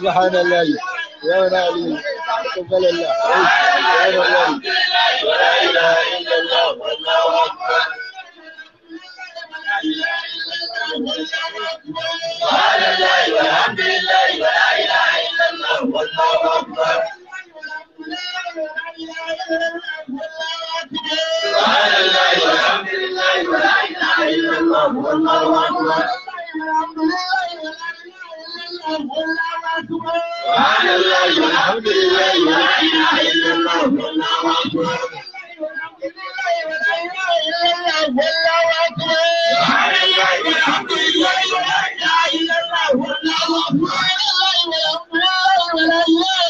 subhanallah ya wani aliyu subhanallah ya wani aliyu سبحان الله والحمد لله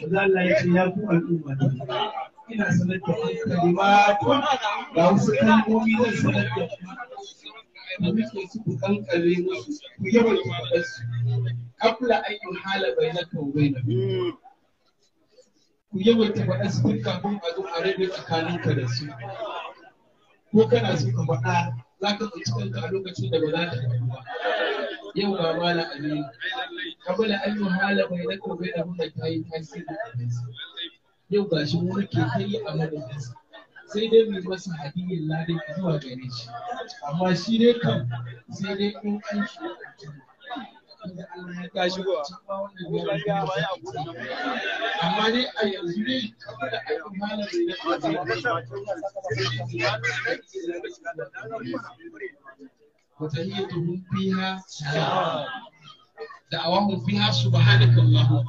Maza Allah ya ce ya ku al'umma ina sanar da ku kalimatun ga wasu kalmomi zan sanar da ku da muke su ku kankare musu ku yawan su kafla ayyun hala bai na kawai na ku yawaita faɗa su duk kafin a zo a rage tsakaninka da su ko kana so ka faɗa za ka tsinci kanka a lokacin da ba za ta faɗa ba yau ba mala amin kabila an yi hala bai na kobe da muna ta yi tasiri a kansa yau ga shi mu ke ta yi a madadinsa sai dai mu masa hadiyyar ladin zuwa gare shi amma shi ne kam sai dai in an shi amma dai a yanzu dai kamar da ayyukan malam bai na da muna ta yi tasiri a وتحيتهم فيها سلام دعواهم فيها سبحانك الله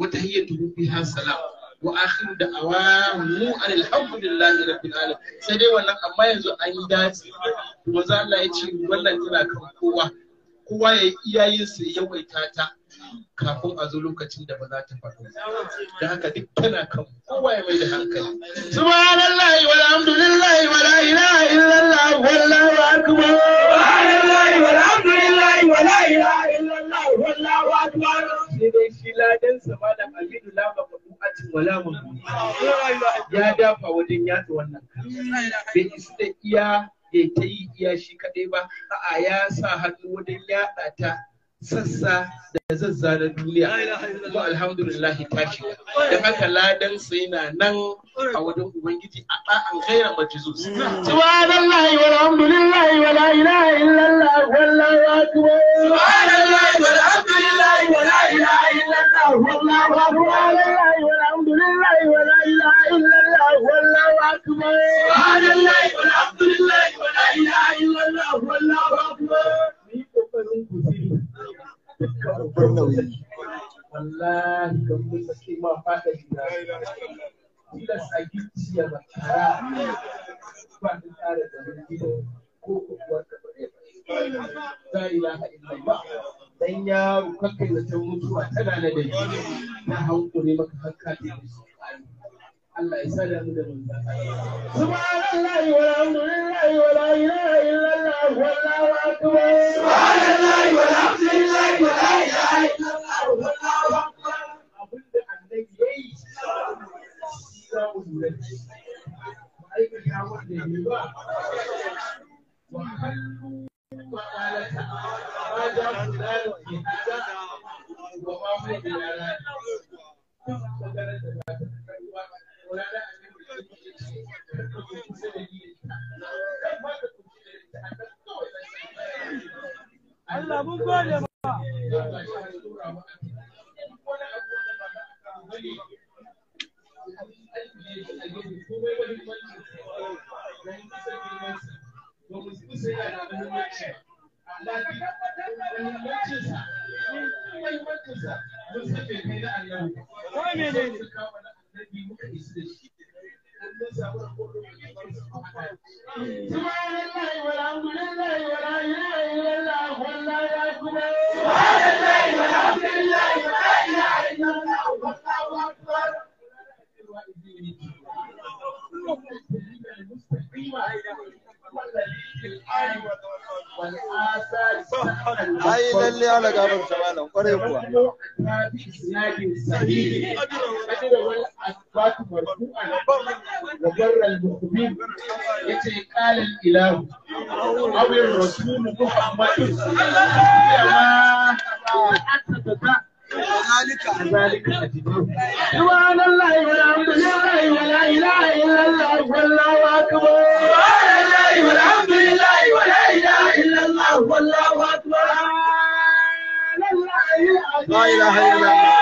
وتحيتهم فيها سلام وآخر دعواهم أن الحمد لله رب العالمين سيدي wannan amma yanzu an yi dace kuma ce wannan tana kan kowa kowa ya yawaita ta kafin a zo lokacin da ba za ta faru da haka duk tana kan kowa ya mai da hankali subhanallah wala mun ya dafa wajen yatsa wannan bai isa da iya ya ta yi iya shi kadai ba a'a ya sa hannu wajen yaɗa ta sassa da zazza na duniya kuma alhamdulillah ta shiga da haka ladan su yana nan a wajen ubangiji a ɗa'an gaira majizus subhanallahi walhamdulillahi wala ilaha illallah wallahu akbar subhanallahi walhamdulillahi wala ilaha illallah wallahu akbar لله ولا إله إلا الله والله أكبر سبحان الله والحمد لله ولا إله إلا الله والله أكبر wallahi kan mun sake ma fada gida tilas a gicciya ba tara ba ta tare da mun gida ko kuwa ta ba ta ilaha illallah dan yaro kakai zaton mutuwa tana na da na hankuri maka hakka da Allah ya sa da mu da mun subhanallahi walhamdulillahi wala ilaha illallah wallahu akbar subhanallahi walhamdulillahi wala ilaha illallah wallahu akbar abinda annabi yayi shi da ba Allah mun gode ba. Thank you. lafi muhimmancinsa muhimmancinsa mun kai na annabi ko ne ne ne ai lalle ala gaban ta malam kwarai kuwa وبر المؤمن سبحان الله والحمد لله ولا اله الا الله والله اكبر ilahe illallah.